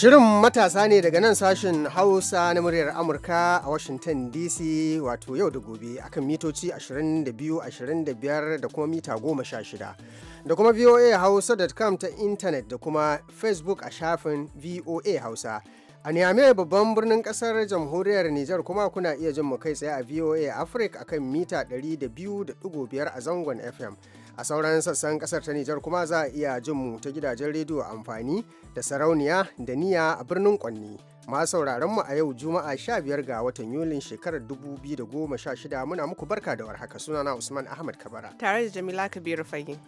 Shirin matasa ne daga nan sashen Hausa na muryar Amurka a Washington DC wato yau da gobe akan mitoci 22, 25 da kuma mita 16 da kuma VOA Hausa.com ta intanet da kuma Facebook a shafin VOA Hausa. A Niamey babban birnin kasar jamhuriyar Nijar kuma kuna iya jin mu kai tsaye a VOA Africa akan mita 200.5 a zangon FM. a sauran sassan kasar ta Nijar kuma za a iya jin mu ta gidajen rediyo amfani da sarauniya da niya a birnin Kwanni. Masu sauraron mu a yau Juma'a 15 ga watan Yulin shekarar 2016 muna muku barka da warhaka sunana Usman Ahmad Kabara. Tare da Jamila Kabiru Fagin.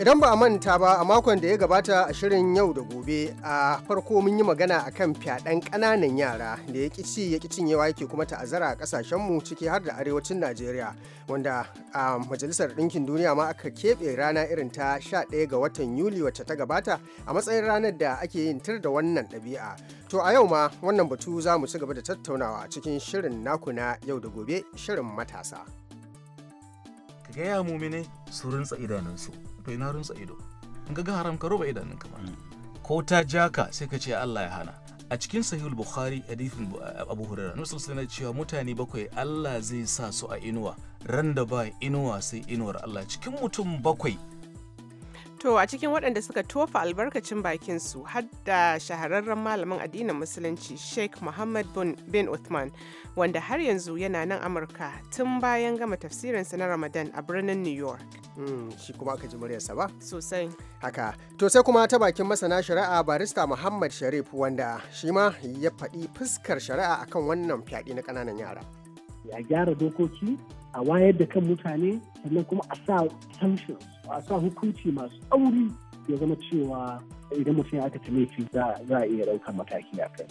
Idan ba a manta ba a makon da ya gabata a shirin yau da gobe a farko mun yi magana a kan fyaɗen ƙananan yara da ya ƙici ya cinyewa yake kuma ta'azzara a ƙasashenmu ciki har da arewacin Najeriya wanda a Majalisar Ɗinkin Duniya ma aka keɓe rana irin ta sha ɗaya ga watan Yuli wacce ta gabata a matsayin ranar da ake yin tir da wannan ɗabi'a. To a yau ma wannan batu za mu ci gaba da tattaunawa a cikin shirin naku na yau da gobe shirin matasa. Ka gaya mumine su rintsa idanunsu. bai na runtsa ido in ga haram ka roba idanun ba mm. ko ta jaka sai ka ce Allah ya hana a cikin sahihul bukhari hadithin abu hurairah nusul sallallahu cewa mutane bakwai Allah zai sa su a inuwa ran da ba inuwa sai inuwar Allah cikin mutum bakwai To a cikin waɗanda suka tofa albarkacin bakinsu har da shahararren malamin addinin musulunci Sheikh Muhammad bin Uthman wanda har yanzu yana nan Amurka tun bayan gama tafsirinsa na Ramadan a birnin New York. Hmm, shi kuma aka ji muryarsa ba? Sosai. Haka, to sai kuma ta bakin masana shari'a barista Muhammad Sharif wanda shi ma ya faɗi fuskar shari'a akan wannan fyaɗe na ƙananan yara. Ya gyara dokoki a wayar da kan mutane sannan kuma a sa sanctions a sa hukunci masu tsauri ya zama cewa idan mutum ya aikata laifi za a iya ɗaukar mataki a kai.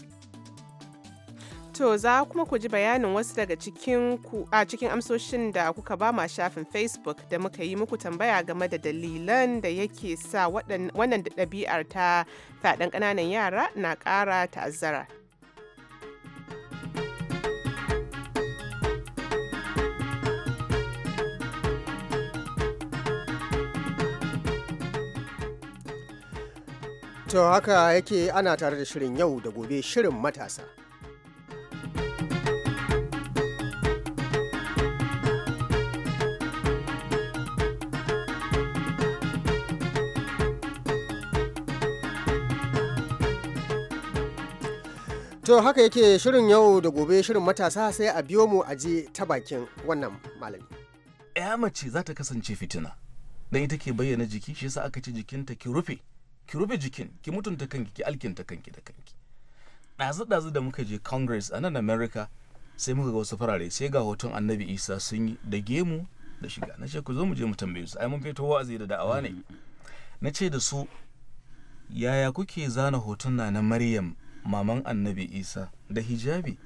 To za kuma ku ji bayanin wasu daga cikin a cikin amsoshin da kuka ba ma shafin Facebook da muka yi muku tambaya game da dalilan da yake sa wannan ɗabi'ar ta fyaɗen ƙananan yara na ƙara ta'azzara. To haka yake ana tare da shirin yau da gobe shirin matasa. To haka yake shirin yau da gobe shirin matasa sai a biyo mu a je ta bakin wannan malami. Ya mace za ta kasance fitina, don ita ke bayyana jiki shi sa aka ci jikinta ki rufe. ki rufe jikin ki mutunta kanki ki alkinta kanki da kanki ɗazu ɗazu da muka je congress a nan america sai muka ga wasu farare sai ga hoton annabi isa sun yi da gemu da shiga na ce ku zo mu je mu tambaye su ai mun fito wa'azi da da'awa ne na ce da su yaya kuke zana hoton na na maryam maman annabi isa da hijabi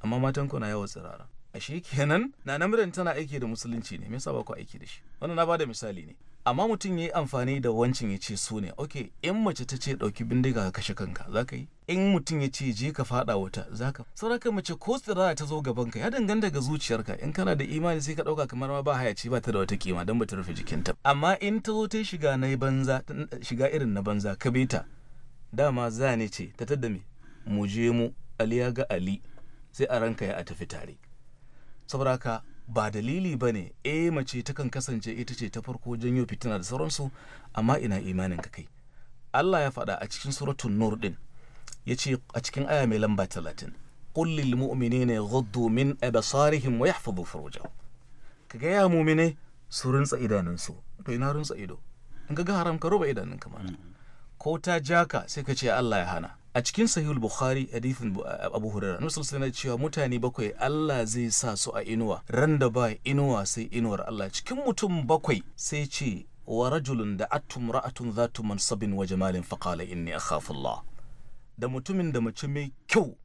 amma matan ku na yawa tsirara ashe kenan na namirin tana aiki da musulunci ne me yasa ba ku aiki da shi wannan na bada misali ne amma mutum ya yi amfani da wancan ya ce su ne ok in mace ta ce ɗauki bindiga ka kashe kanka za ka yi in mutum ya ce je ka faɗa wuta za ka sauraka mace ko tsirara ta zo gaban ka ya danganta ga zuciyarka in kana da imani sai ka ɗauka kamar ma ba haya ce ba ta da wata kima don ba ta rufe jikinta amma in ta zo ta shiga na banza shiga irin na banza ka bi ta dama za ne ce ta tadda me mu je mu ali ya ga ali sai a ranka ya a tafi tare saboda ba dalili ba ne eh mace takan kasance ita ce ta farko janyo fitina da sauransu amma ina imanin ka kai Allah ya faɗa a cikin suratun nur din ya ce a cikin aya mai lamba talatin qul lil ne yaghuddu min absarihim wa yahfazu furujahum ka gaya ya mu'mine su rinsa idanunsu to ina rinsa ido in ka ga haram ka ruba idanun mana mm. ko ta jaka sai ka ce Allah ya hana a cikin sahihul bukhari hadithin eh, abu hurairah annabi sallallahu cewa mutane bakwai Allah zai sa su a inuwa ran da ba inuwa sai inuwar Allah cikin mutum bakwai sai ce wa rajulun da atum ra'atun zatu mansabin wa jamalin qala inni akhafu Allah da mutumin da mace mai kyau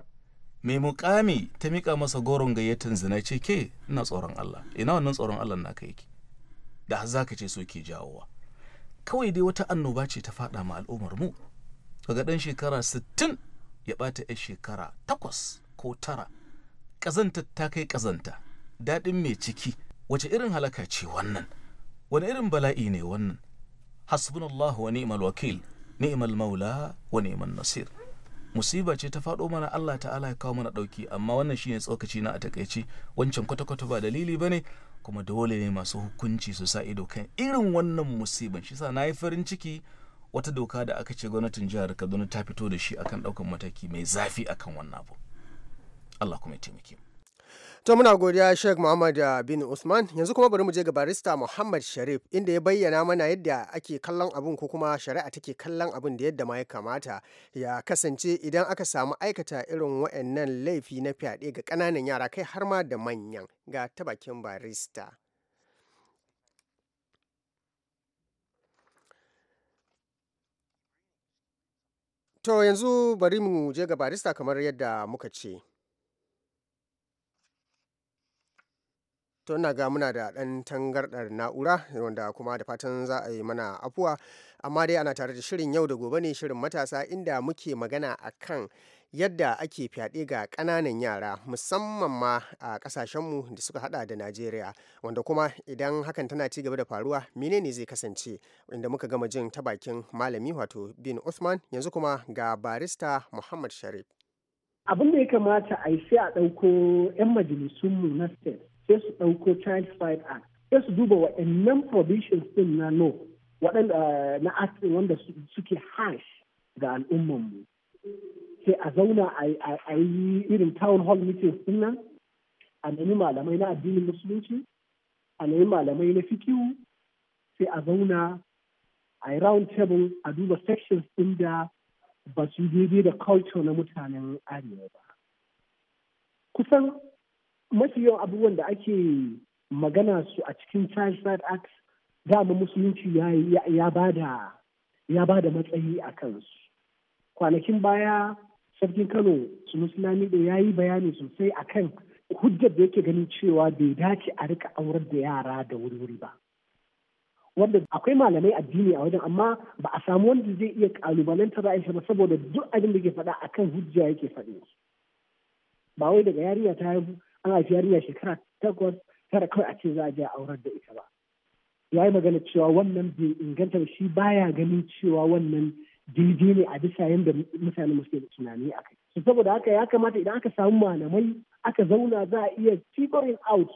mai mukami ta mika masa goron gayyatan zina ce ke ina tsoron Allah ina wannan tsoron Allah kai ki da za ce so ke jawowa kawai dai wata annoba ce ta faɗa ma al'ummar mu kaga ɗan shekara sittin ya ɓata 'yan shekara takwas ko tara ƙazanta ta kai ƙazanta daɗin mai ciki wace irin halaka ce wannan wani irin bala'i ne wannan Allah wa ni'mal wakil ni'mal maula wa ni'mal nasir musiba ce ta faɗo mana Allah ta'ala ya kawo mana ɗauki amma wannan shine tsokaci na a takaice wancan kwata-kwata ba dalili ba ne kuma dole ne masu hukunci su sa ido kan irin wannan musiban shi sa na yi farin ciki wata doka da aka ce gwamnatin jihar kaduna ta fito da shi akan ɗaukan mataki mai zafi akan wannan abu allah kuma ya taimake mu muna godiya Sheikh Muhammad uh, bin Usman yanzu kuma bari mu je ga barista Muhammad Sharif inda ya bayyana mana yadda ake kallon abun ko kuma shari'a take kallon abun da yadda ma ya kamata ya kasance idan aka samu aikata irin wa'annan laifi na fyaɗe ga ƙananan yara kai har ma da manyan ga ta bakin barista. To yanzu bari mu je ga barista kamar yadda muka ce. to ga muna da ɗan tangarɗar na'ura wanda kuma da fatan za a yi mana afuwa amma dai ana tare da shirin yau da gobe ne shirin matasa inda muke magana akan yadda ake fyaɗe ga ƙananan yara musamman ma a ƙasashenmu da suka hada da najeriya wanda kuma idan hakan tana ci gaba da faruwa menene zai kasance inda muka gama jin ta bakin malami wato bin usman yanzu kuma ga barista muhammad sharif abin da ya kamata a yi sai a ɗauko 'yan majalisun mu na state sai su ɗauko child fight act sai su duba waɗannan provisions din na no waɗanda na act wanda suke harsh ga mu. sai a zauna a yi irin town hall meetings din nan a nemi malamai na addinin musulunci a nemi malamai na fikiyu sai a zauna a yi round table a duba sections din da ba su daidai da culture na mutanen arewa ba kusan mafi yawan abubuwan da ake magana su a cikin child side act dama musulunci ya ba da matsayi a kansu kwanakin baya sarkin kano sunusulami da ya yi bayani sosai akan hujjar da yake ganin cewa bai dace a rika aurar da yara da wuri-wuri ba wanda akwai malamai addini a wajen amma ba a samu wanda zai iya kalubalanta ra'ayinsa ba saboda duk abin da ke faɗa akan hujja yake faɗi ba wai daga yarinya ta haihu an haifi yarinya shekara takwas tara kawai a ce za a je aurar da ita ba ya yi magana cewa wannan bai inganta ba shi baya ganin cewa wannan daidai ne a bisa yadda mutane yi tunani a kai saboda haka ya kamata idan aka samu malamai aka zauna za a iya figuring out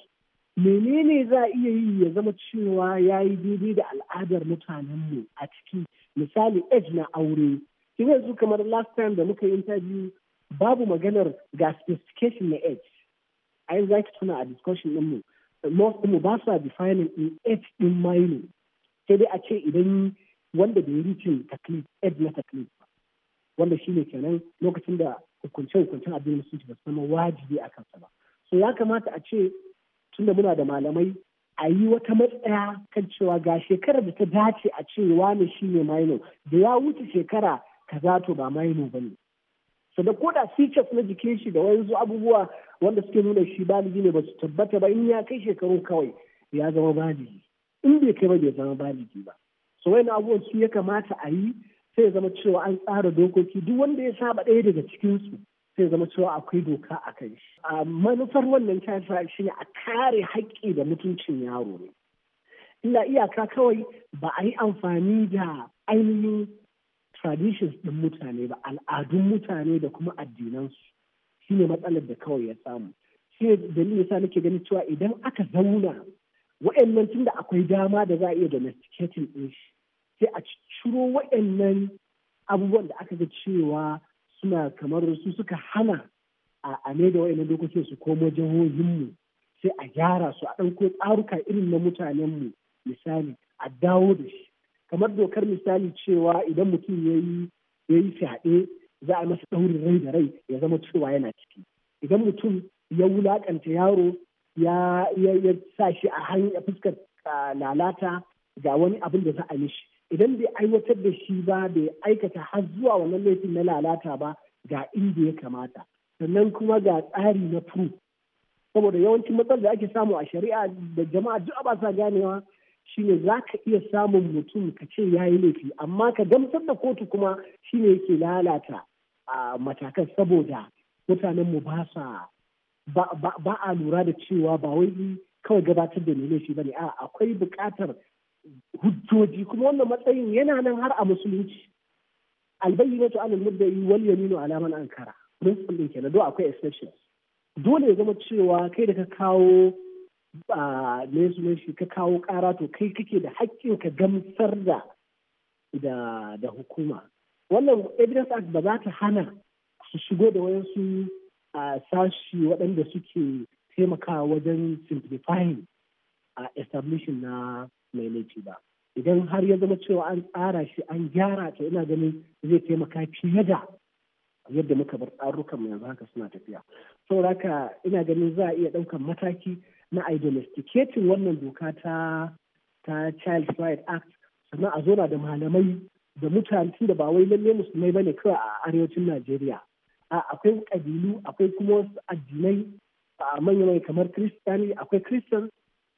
menene za a iya yi ya zama cewa ya yi daidai da al'adar mutanenmu a ciki misali age na aure kin yanzu kamar last time da muka yi interview babu maganar ga specification na age ai za ki tuna a discussion ɗinmu most mu ba su defining in age ɗin milo sai dai a ce idan wanda bai rike taklif ed na taklif ba wanda shine kenan lokacin da hukunce hukuncen addinin musulunci ba su zama wajibi a kansa ba so ya kamata a ce tunda muna da malamai a yi wata matsaya kan cewa ga shekarar da ta dace a ce shi ne maino da ya wuce shekara kaza to ba maino ba ne so da koda features na jikin shi da wayansu abubuwa wanda suke nuna shi baligi ne ba su tabbata ba in ya kai shekaru kawai ya zama baligi in bai kai ba bai zama baligi ba so wani abubuwan su ya kamata a yi sai zama cewa an tsara dokoki duk wanda ya saba ɗaya daga cikinsu sai zama cewa akwai doka a kan shi a manufar wannan kyasa shi ne a kare haƙƙi da mutuncin yaro ne Ina iyaka kawai ba a yi amfani da ainihin traditions ɗin mutane ba al'adun mutane da kuma addinansu shine matsalar da kawai ya samu shi ne dalilin yasa nake ganin cewa idan aka zauna wa'annan da akwai dama da za a iya domesticating ɗin shi sai a ciro waɗannan abubuwan da aka ga cewa suna kamar su suka hana a ne da waɗannan dokokin su komo jihohinmu sai a gyara su a ɗauko tsaruka irin na mutanenmu misali a dawo da shi kamar dokar misali cewa idan mutum ya yi fyaɗe za a masa ɗaurin rai da rai ya zama cewa yana ciki idan mutum ya wulaƙanta yaro ya sa shi a hanyar fuskar lalata ga wani abin da za a mishi idan bai aiwatar da shi ba bai aikata har zuwa wannan laifin na lalata ba ga inda ya kamata sannan kuma ga tsari na proof saboda yawancin matsalar da ake samu a shari'a da jama'a duk ba sa ganewa shine za ka iya samun mutum ka ce ya yi laifi amma ka gamsar da kotu kuma shine yake lalata a matakan saboda mutanen mu ba sa ba a lura da cewa ba wai kawai gabatar da ne laifi ba a akwai buƙatar hujjoji kuma wannan matsayin yana nan har a musulunci albayyana to mudda yi wal yaminu ala man ankara principle din kenan do akwai exceptions dole ya zama cewa kai da ka kawo a ne sunan shi ka kawo kara to kai kake da haƙƙin ka gamsar da da hukuma wannan evidence act ba za ta hana su shigo da wayansu a sashi waɗanda suke taimaka wajen simplifying a establishing na mai laifi ba idan har ya zama cewa an tsara shi an gyara ta ina ganin zai taimaka fiye da yadda muka bar tsarukan mu yanzu haka suna tafiya saboda haka ina ganin za a iya ɗaukan mataki na a wannan doka ta ta child right act sannan a zona da malamai da mutane da ba wai lalle musulmai bane kawai a arewacin najeriya akwai kabilu akwai kuma wasu addinai a manya kamar kristiyani akwai kiristan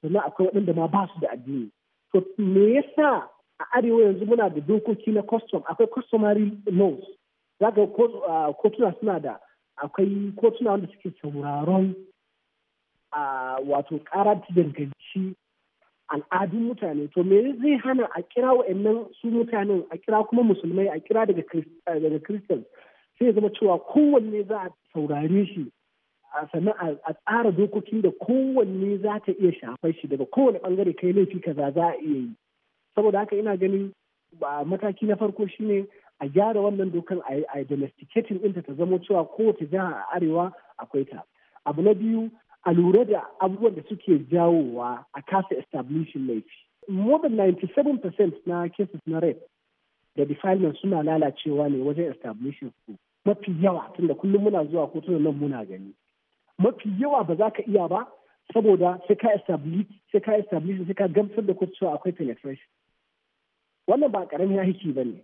sannan akwai waɗanda ma ba su da addini to me yasa a arewa yanzu muna da dokoki na custom akwai customary laws za kotuna suna da akwai kotuna wanda suke sauraron wato karar ta danganci al'adun mutane to me zai hana a kira wa'annan su mutanen a kira kuma musulmai a kira daga christian sai zama cewa kowanne za a saurare shi a sannan a tsara dokokin da kowanne za ta iya shafar shi daga kowane bangare kai laifi kaza za a iya yi saboda haka ina ganin ba mataki na farko shine a gyara wannan dokan a domesticating ɗinta ta zamo cewa kowace jiha a arewa akwai ta abu na biyu a lura da abubuwan da suke jawowa a kasa establishing laifi more than 97% na cases na rape da defilement suna lalacewa ne wajen establishing su mafi yawa tunda kullum muna zuwa kotunan nan muna gani mafi yawa ba za ka iya ba saboda sai ka establish sai ka sai ka gamsar da kuma cewa akwai penetration wannan ba karamin aiki ba ne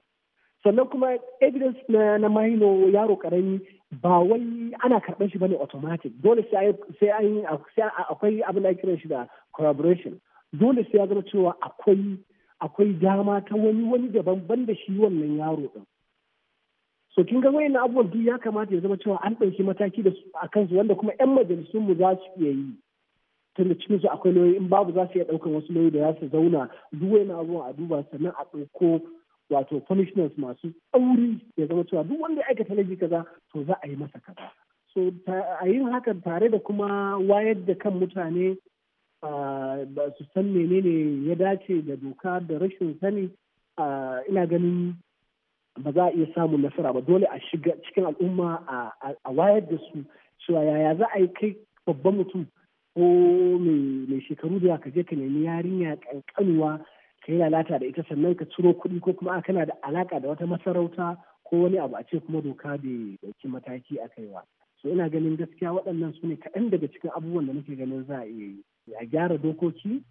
sannan kuma evidence na na mahino yaro karami ba wai ana karɓar shi bane automatic dole sai sai akwai abin da kiran shi da collaboration dole sai ya zama cewa akwai akwai dama ta wani wani daban banda shi wannan yaro din so kin ga wayannan abubuwan duk ya kamata ya zama cewa an ɗauki mataki da su a kansu wanda kuma 'yan majalisun mu za su iya yi tun da cikin su akwai lauyoyi in babu za su iya ɗaukar wasu lauyoyi da za su zauna duk wayannan abubuwan a duba sannan a ɗauko wato commissioners masu tsauri ya zama cewa duk wanda ya aikata laifi kaza to za a yi masa kaza so a yin hakan tare da kuma wayar da kan mutane ba su san menene ya dace da doka da rashin sani ina ganin ba za a iya samun nasara ba dole a shiga cikin al'umma a wayar da su cewa yaya za a yi kai babban mutum ko mai shekaru da ka je ka nemi yarinya kankanuwa ka yi lalata da ita sannan ka ciro kuɗi ko kuma kana da alaka da wata masarauta ko wani abu a ce kuma doka da dauki mataki a kaiwa so ina ganin gaskiya waɗannan su ne kaɗan daga cikin abubuwan da nake ganin za a iya yi a gyara dokoki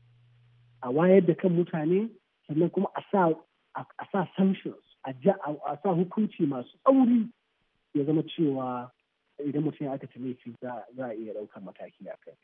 a wayar da kan mutane sannan kuma a sa sanctions a sa hukunci masu tsauri ya zama cewa idan mutum ya aikata laifi za a iya ɗaukar mataki a kai.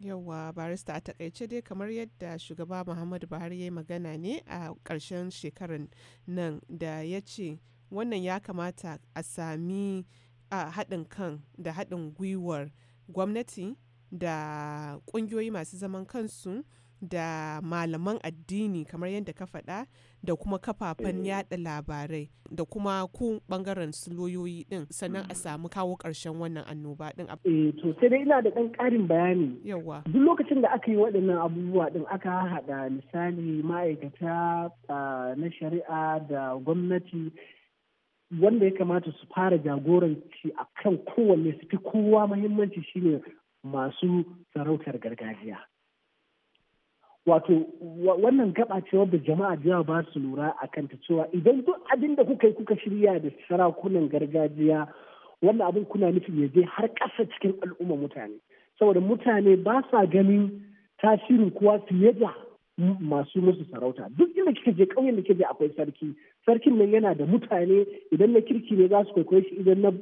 Yawwa barista a takaice dai kamar yadda shugaba Muhammadu Buhari ya yi magana ne a ƙarshen shekarar nan da ya ce wannan ya kamata a sami a haɗin kan da haɗin gwiwar gwamnati da ƙungiyoyi masu zaman kansu da malaman addini kamar yadda ka faɗa da kuma kafafen eh. yada labarai da kuma ku bangaren su loyoyi din sannan a mm. samu kawo ƙarshen wannan annoba din. Eh, to sai dai ina da ɗan ƙarin bayani. Yawa. Duk lokacin da aka yi waɗannan abubuwa din aka haɗa misali ma'aikata na shari'a da gwamnati wanda ya kamata su fara jagoranci a kan kowanne su fi kowa mahimmanci shine masu sarautar gargajiya. wato wannan gaba ce wadda jama'a da yawa ba su lura a kanta cewa idan duk abin da kuka yi kuka shirya da sarakunan gargajiya wannan abin kuna nufin ya je har ƙasa cikin al'umma mutane saboda mutane ba sa ganin tasirin kuwa fiye da masu musu sarauta duk inda kika je ƙauyen da je akwai sarki sarkin nan yana da mutane idan na kirki ne za su kwaikwaye shi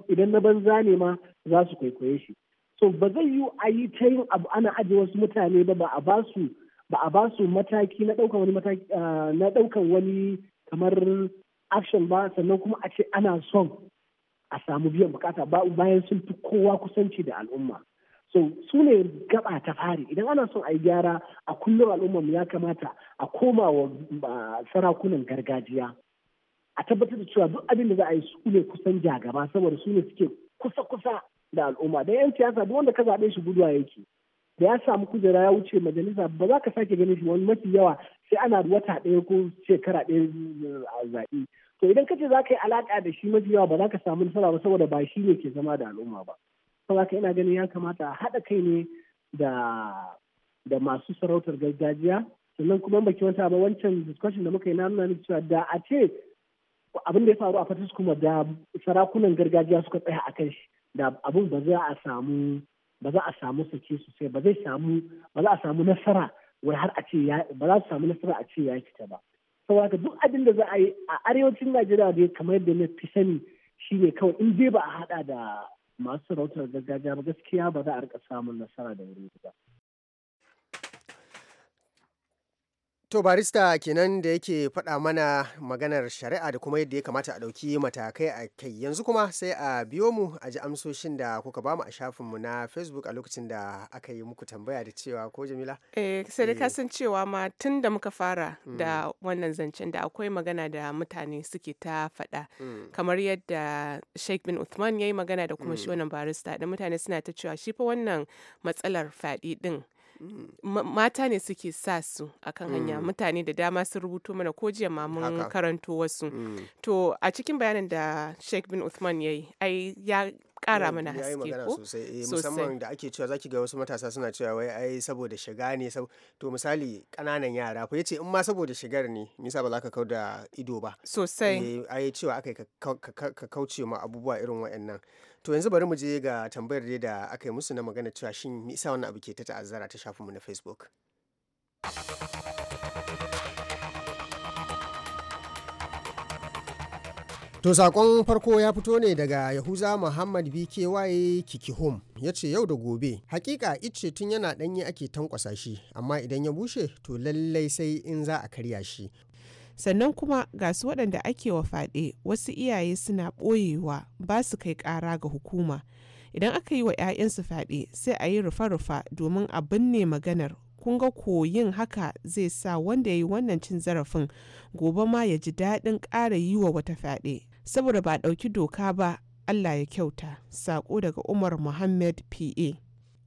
idan na banza ne ma za su kwaikwaye shi so ba zai yi a yi ta yin abu ana ajiye wasu mutane ba ba a ba su ba a ba su mataki na ɗaukan wani mataki ah, na ɗaukan wani kamar action ba sannan kuma a ce ana son a samu biyan bukata bayan sun fi kowa kusanci da al'umma so su ne gaba ta fari idan ana son a yi gyara a kullum al'ummar ya kamata a koma wa sarakunan gargajiya a tabbatar da cewa duk abin da za a yi su ne kusan jagaba saboda su ne suke kusa-kusa da al'umma da yan siyasa duk wanda ka zaɓe shi guduwa yake da ya samu kujera ya wuce majalisa ba za ka sake ganin shi wani mafi yawa sai ana wata ɗaya ko shekara ɗaya eh, a zaɓe to idan ka ce za ka yi alaƙa da shi mafi yawa ba za ka samu nasara ba saboda ba shi ne ke zama da al'umma ba saboda ina ganin ya kamata a haɗa kai ne da da masu sarautar gargajiya sannan kuma baki wata ba wancan discussion da muka yi na nuna ni cewa da a ce abin da ya faru a fatis kuma da sarakunan gargajiya suka tsaya a kan shi da abin ba za a samu ba za a samu sake sosai ba zai samu ba za a samu nasara wai har a ce ba za su samu nasara a ce ya fita ba saboda duk abin da za a yi a arewacin Najeriya da kamar yadda na fi sani shine kawai in dai ba a hada da masu sarautar gargajiya ba gaskiya ba za a rika samun nasara da wuri ba To barista kenan da yake faɗa mana maganar shari'a da kuma yadda ya kamata a ɗauki matakai a kai yanzu kuma sai a biyo mu a ji amsoshin da kuka bamu a shafin mu na Facebook a lokacin da aka yi muku tambaya da cewa ko Jamila? Eh sai da kasan eh. cewa ma tun da muka fara da mm. wannan zancen da akwai magana da mutane suke ta faɗa mm. kamar yadda Sheikh bin Uthman ya yi magana da kuma shi mm. wannan barista da mutane suna ta cewa shi fa wannan matsalar faɗi ɗin. mata ne suke sa su akan hanya mm. mutane da dama sun rubuto mana ko jiya ma mun karanto wasu mm. to a cikin bayanin da Sheikh bin Uthman yayi ai ya kara mana haske ko eh, sosai musamman da ake cewa zaki ga wasu matasa suna cewa wai ai saboda shiga ne to misali kananan yara ko yace in ma saboda shigar ne nisa ba za ka kauda ido ba sosai eh, ai cewa akai ka kauce ma abubuwa irin waɗannan to yanzu bari mu je ga tambayar dai da aka musu na magana cewa shin ni sa wannan abu ke ta ta'azzara ta shafinmu na Facebook To sakon farko ya fito ne daga Yahuza Muhammad BKY Kikihom ya ce yau da gobe. Hakika ice tun yana ɗanye ake tankwasa shi, amma idan ya bushe to lallai sai in za a karya shi. Sannan kuma ga su waɗanda ake wa faɗe wasu iyaye suna ɓoyewa ba su kai ƙara ga hukuma. Idan aka yi wa 'ya'yansu faɗe sai a yi rufa-rufa domin a binne maganar kun ga koyin haka zai sa wanda ya yi wannan cin zarafin gobe ma ya ji daɗin ƙara yi wa wata fyaɗe saboda ba ɗauki doka ba Allah ya kyauta sako daga Umar Muhammad PA.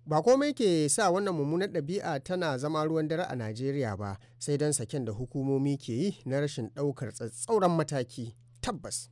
Ba komai ke sa wannan mummunar ɗabi'a tana zama ruwan dare a Najeriya ba sai don saken da hukumomi ke yi na rashin ɗaukar tsatsauran mataki tabbas.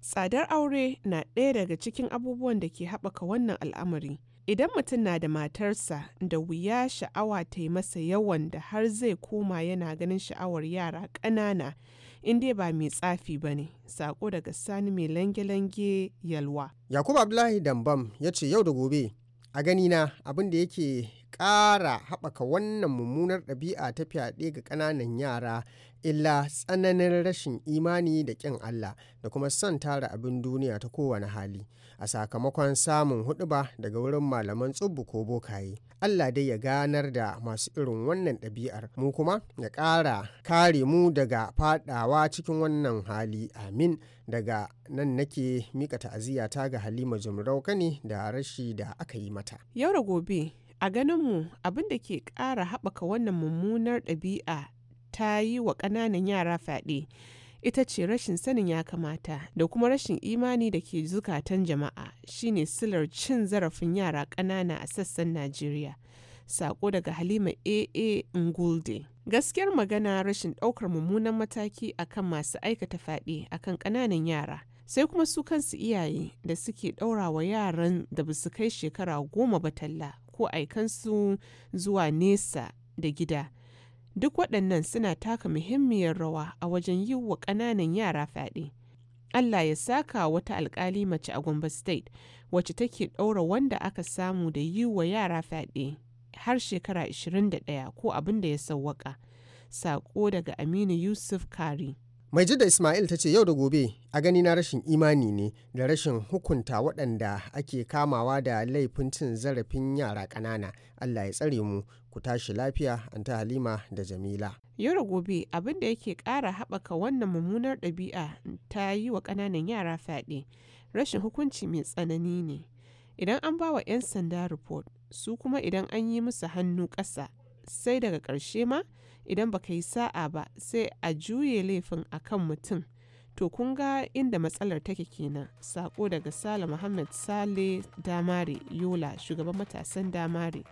Tsadar aure na ɗaya daga cikin abubuwan da ke haɓaka wannan al'amari. Idan mutum na da matarsa da wuya sha'awa ta yi masa yawan da har zai koma yana ganin sha'awar yara ƙanana in dai ba mai tsafi ba ne sako daga sani mai lange-lange yalwa yakubu abdullahi dambam ya ce yau da gobe a ganina abin da yake ƙara haɓaka wannan mummunar ɗabi'a ta fyaɗe ga ƙananan yara illa tsananin rashin imani da ƙin Allah da kuma son tara abin duniya ta kowane hali a sakamakon samun huɗuba daga wurin malaman tsubbu ko bokaye. Allah dai ya ganar da masu irin wannan ɗabi'ar mu kuma ya ƙara kare mu daga faɗawa cikin wannan hali amin daga nan nake mika ta'aziyata ga Halima Jumrau Kani da rashi da aka yi mata. Yau da gobe A ganinmu abin da ke ƙara haɓaka wannan mummunar ɗabi'a ta yi wa ƙananan yara fyaɗe ita ce rashin sanin ya kamata da kuma rashin imani da ke zukatan jama'a shine silar cin zarafin yara ƙanana a sassan Najeriya. Sako daga Halima AA Ngulde. Gaskiyar magana rashin ɗaukar mummunan mataki akan masu aikata fyaɗe akan ƙananan yara. sai kuma su kansu iyaye da suke ɗaura wa yaran da ba su kai shekara goma ba talla ko aikansu zuwa nesa da gida duk waɗannan suna taka muhimmiyar rawa a wajen yi wa ƙananan yara fyaɗe. Allah ya saka wata alkali mace a Gombe State wacce take ɗaura wanda aka samu da yi wa yara fyaɗe har shekara 21 ko abin da ya sauwaƙa Sako daga Aminu Yusuf Kari. mai jidda ismail ta ce yau da gobe a gani na rashin imani ne da rashin hukunta waɗanda ake kamawa da laifin cin zarafin yara ƙanana allah ya tsare mu ku tashi lafiya an ta halima da jamila yau da gobe abin da yake ƙara haɓaka wannan mummunar ɗabi'a ta yi wa ƙananan yara fyaɗe rashin hukunci mai tsanani ne idan an bawa 'yan sanda report su kuma idan an yi musu hannu ƙasa sai daga ƙarshe ma idan baka yi sa'a ba sai a juye laifin a kan mutum to kun ga inda matsalar take kenan sako daga sale muhammad sale damare yola shugaban matasan damare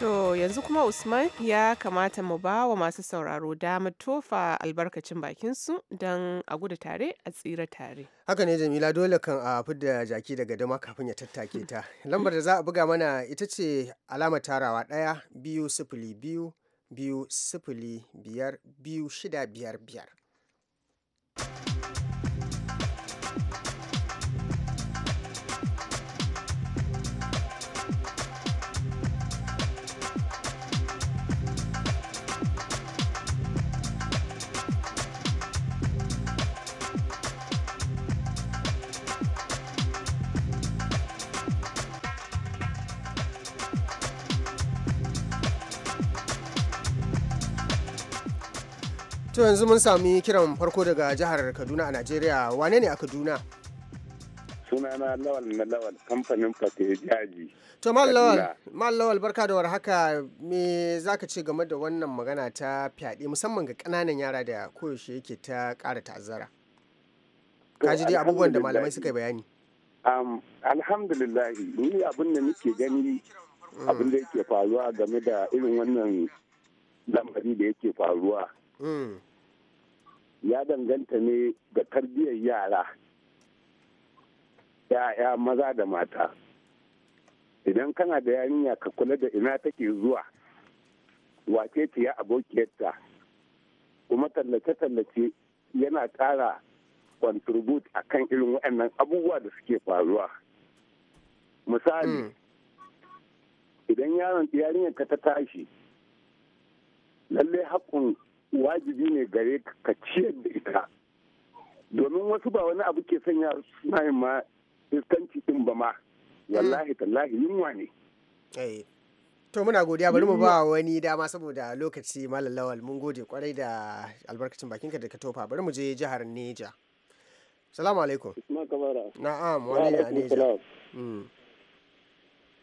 To yanzu kuma Usman ya kamata mu ba wa masu sauraro damar tofa albarkacin bakinsu don a gudu tare a tsira tare. Haka ne Jamila dole kan a da jaki daga dama kafin ya tattake ta. Lambar da za a buga mana ita ce alama tarawa ɗaya biyu sifili biyu biyu sifili biyar biyu shida biyar biyar. to yanzu mun sami kiran farko daga jihar kaduna a najeriya wane ne a kaduna sunana lawal na lawal kamfanin jaji. to mal lawal mal lawal barka da warhaka me zaka ce game da wannan magana ta fyaɗe musamman ga ƙananan yara da koyaushe yake ta ƙara ta'azzara ka ji dai abubuwan da malamai suka bayani um, alhamdulillahi ni abin da muke gani mm. abin da yake faruwa game da irin wannan lamari da yake faruwa mm. ya danganta ne ga tarbiyyar yara ya'ya maza da mata idan kana da yarinya ka kula da ina take zuwa wace ce ya abokiyarta kuma tallace-tallace yana ƙara contribute a kan irin waɗannan abubuwa da suke faruwa misali mm. idan yaron yarinyar ta tashi lallai haƙƙin wajibi ne gare ka ciyar da ita domin wasu ba wani abu ke sanya suna yin ma iskanci din ba ma wallahi tallahi yunwa ne eh. to muna godiya bari mu ba wani dama saboda lokaci malam lawal mun gode kwarai da albarkacin bakinka da ka tofa bari mu je jihar neja salamu alaikum na'am wani ne a neja hmm.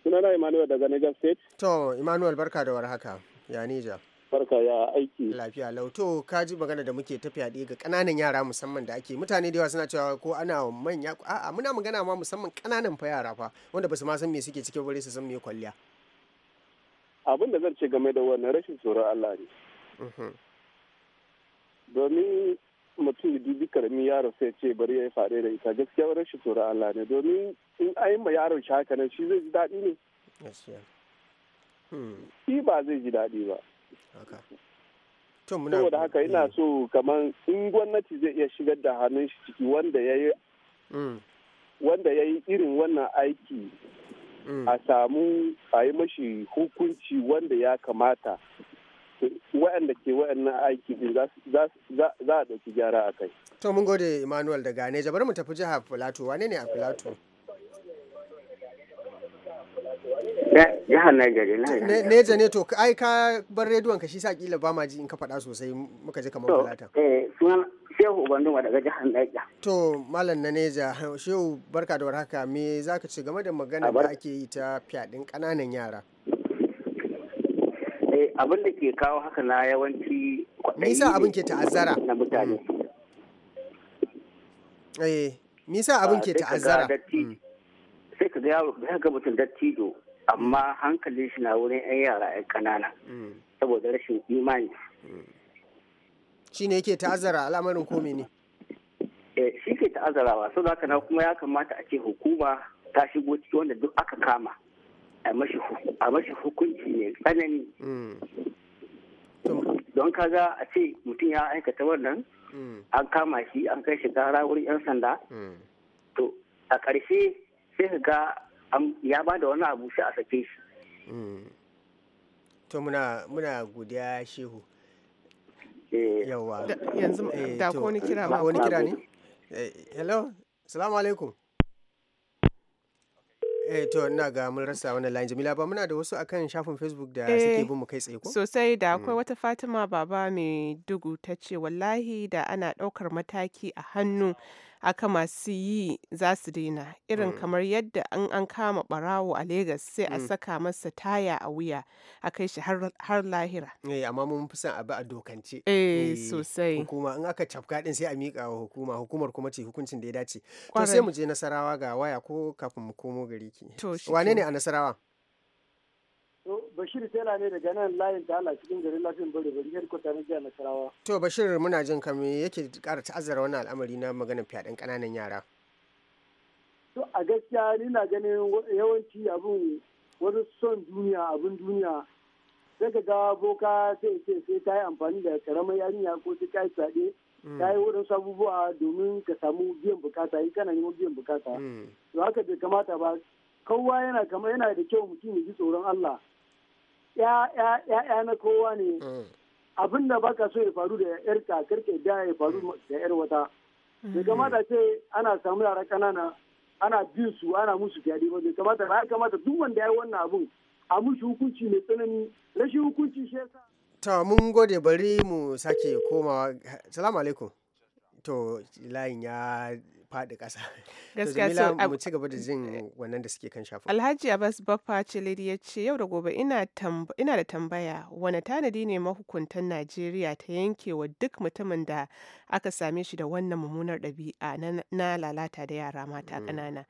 sunana emmanuel daga niger state to emmanuel barka da haka, ya neja barka ya aiki lafiya lauto ka ji magana da muke tafiya ɗaya ga ƙananan yara musamman da ake mutane da yawa suna cewa ko ana manya a'a muna magana ma musamman ƙananan fa yara fa wanda basu ma san me suke cikin wuri su san me kwalliya abin da zan ce game da wannan rashin tsoron Allah ne mhm. domin mutum ya dubi karamin yaro sai ce bari ya yi faɗe da ita gaskiya rashin tsoron Allah ne domin in yi ma yaron shi haka nan shi zai ji daɗi ne hmm. shi ba zai ji daɗi ba saboda haka ina mm. so kamar in gwamnati zai iya shigar da hannun shi ciki wanda ya yi mm. irin wannan aiki mm. a samu a yi mashi hukunci wanda ya kamata waɗanda ke waɗannan aiki din za a ɗauki gyara a kai. To mun gode Emmanuel daga Neja bari mu tafi jihar Filato wane ne a Filato? ya ne Neja ne to ai ka bar rediyon ka shi sa kila ba ma ji in ka faɗa sosai muka ji kamar Talata eh sunan Shehu Ubanduma daga jihar Niger to malam na Neja Shehu barka da warhaka me zaka ce game da magana da ake yi ta fyaɗin kananan yara eh abin da ke kawo haka na yawanci me yasa abin ke ta'azzara na mutane mm. eh me yasa abin ke ah, ta'azzara mm. sai ka ga yaro ga mutum dattijo amma hankali shi na wurin 'yan yara 'yan ƙanana mm. saboda rashin imani mm. shi ne yake ta'azzara al'amarin ko ne eh, shi ke ta'azarawa so da na kuma ya kamata a ce hukuma ta shigo ciki wanda duk aka kama a mashi hukunci ne tsanani mm. don ka za a ce mutum ya aikata wannan an kama shi an kai shi gara wurin 'yan sanda to a ƙarshe sai ka ga ya ba da wani abu sai a sake shi mm. to muna muna godiya shehu eh. Yawwa. yanzu eh, da ko wani kira ma wani kira ne eh, hello salamu alaikum eh to ina ga mun rasa wannan line Jamila ba muna da wasu akan shafin Facebook da suke bin mu kai tsaye ko sosai da akwai mm. wata Fatima baba mai dugu ta ce wallahi da ana ɗaukar mataki a hannu aka masu yi za su daina irin mm. kamar yadda an an kama barawo a Legas sai a mm. saka masa taya a wuya a kai shi har lahira. Eh amma mun fi son abu a dokance. Eh, eh sosai. Hukuma in aka cafka din sai a miƙa wa hukuma hukumar kuma ce hukuncin da ya dace. To sai mu je Nasarawa ga waya ko kafin mu komo gari ki. Wane ne a Nasarawa? Bashir Tela ne daga nan layin ta ala cikin garin lafiyan bari bari jiya na karawa Nasarawa. To Bashir muna jin ka yake ƙara ta'azzara wannan al'amari na maganar fyaɗen ƙananan yara. To a gaskiya ni na ganin yawanci abun wani son duniya abun duniya sai ka ga boka sai ce sai ta yi amfani da karamar yarinya ko ta kai fyaɗe ta yi mm. wurin sabubuwa domin ka samu biyan bukata yi kana neman biyan bukata. Mm. To haka bai kamata ba kowa yana kamar yana da kyau mutum ya ji tsoron Allah. ya na kowa ne mm. abin da baka so ya faru da yar kakar ke da ya faru mm. da yar wata mm. bai kamata ce ana samu yara kanana ana bin su ana musu fyaɗe ba bai kamata ba kamata duk wanda ya yi wannan abun a musu hukunci mai tsanani rashin hukunci shi yasa ta mun gode bari mu sake komawa salamu alaikum to layin ya fadi ƙasa. Gaskiya so, mu ci gaba da eh, jin eh. wannan da suke kan shafi. Alhaji Abbas Baffa Cilidi ya ce yau da gobe ina da tambaya wane tanadi ne mahukuntan Najeriya ta yanke wa duk mutumin da aka same shi da wannan mummunar ɗabi'a na lalata da yara mata mm. ƙanana.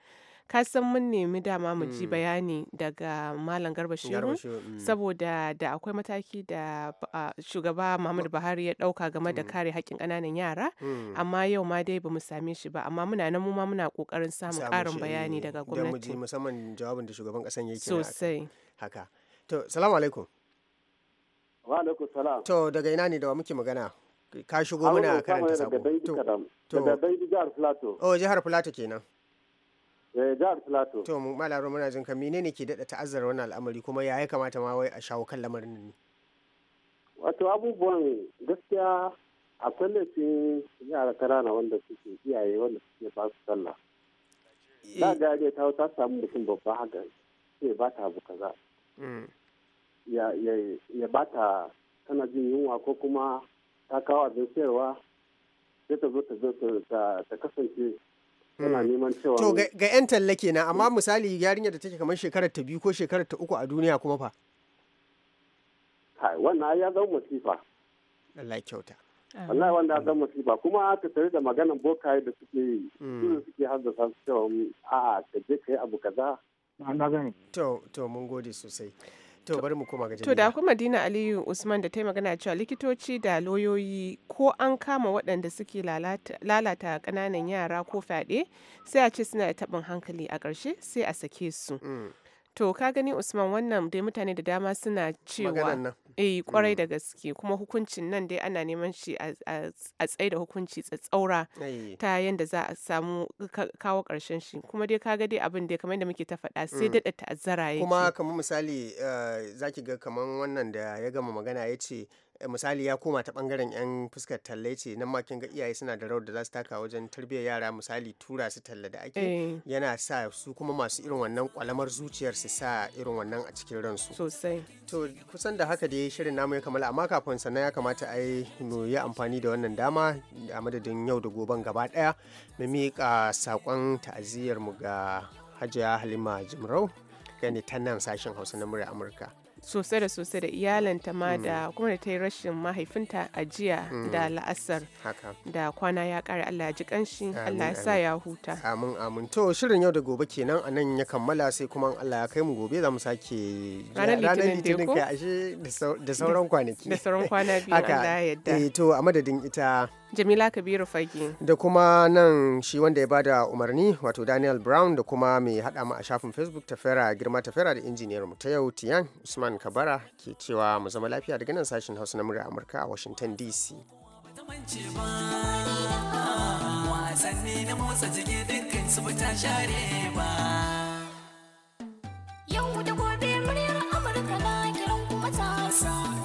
ka san mun nemi dama mu ji mm. bayani daga malam garba shiru mm. saboda da akwai mataki da shugaba muhammadu buhari ya dauka game da mm. kare haƙƙin ƙananan yara amma yau ma dai ba mu same shi ba amma muna nan mu ma muna ƙoƙarin samun ƙarin bayani eh, daga gwamnati musamman jawabin da shugaban ƙasan yake sosai haka to salamu alaikum wa alaikum salam to daga ina ne da wa muke magana ka shigo muna karanta sabo to daga jihar plateau oh jihar plateau kenan Eh, jihar Filato. To, mu malaro muna jin ka menene ke daɗa ta'azzara wannan al'amari kuma ya kamata ma wai a shawo kan lamarin ne? Wato abubuwan gaskiya akwai laifin yara karana wanda suke iyaye wanda suke ba su sallah. Eh. Da gare ta ta samu mutum babba haka sai ba ta abu kaza. Mm. Ya ba ta tana jin yunwa ko kuma ta kawo abin sayarwa sai ta zo ta zo ta kasance suna mm. neman cewa to ga 'yan talla kenan amma misali yarinyar da take kamar shekarar ta biyu ko shekarar ta uku a duniya kuma fa wannan ya zama masifa Allah kyauta wallahi wanda ya zama masifa kuma ka tare da maganan bokaye da suke yi mm. suke haddasa su cewa a'a ka je ka yi abu kaza to to mun gode sosai To bari mu koma ga To da kuma Dina Aliyu Usman da ta yi magana cewa likitoci da loyoyi ko an kama waɗanda suke lalata ƙananan yara ko fyaɗe sai a ce suna da taɓin hankali a ƙarshe sai a sake su. Mm. to ka gani usman wannan dai mutane da dama suna cewa eh kwarai mm. da gaske kuma hukuncin nan dai ana neman shi a tsaye da hukunci tsatsaura ta yanda za a samu kawo karshen shi kuma dai ka gani dai abin da kamar da muke ta faɗa sai mm. daɗa ta'azzara yake kuma kamar misali eh, zaki ga kamar wannan da ya gama magana ya ce misali ya koma ta bangaren yan fuskar talle ce nan ma kin ga iyaye suna da rawar da za su taka wajen tarbiyyar yara misali tura su talla da ake eh. yana sa su kuma masu irin wannan kwalamar zuciyar su sa irin wannan a cikin ransu sosai to kusan da haka dai shirin namu ya kamala amma kafin sannan ya kamata a yi mu yi amfani da wannan dama a madadin yau da goben gaba daya mu mika sakon ta'aziyar mu ga Hajiya Halima Jimrau ne ta nan sashen Hausa na murya Amurka sosai da sosai da iyalanta ma da mm. kuma da ta yi rashin mahaifinta a jiya mm. da la'asar da kwana ya kare Allah ji kanshi Allah ya sa ya huta amin amin to shirin yau da gobe kenan a nan ya kammala sai kuma Allah ya kai mu gobe za mu sake ranar litinin kai ashe da sauran kwanaki da sauran kwana biyu Allah ya yarda eh, to a madadin ita Jamila Kabiru Fagi. Da kuma nan shi wanda ya bada umarni wato Daniel Brown da kuma mai haɗa ma a shafin Facebook ta fera girma ta fera da injiniyar mu ta yau Tiyan Usman Kabara ke cewa mu zama lafiya daga nan sashen Hausa na murya Amurka a Washington DC. Wasanni na Yau da gobe muryar Amurka na kiran kuma ta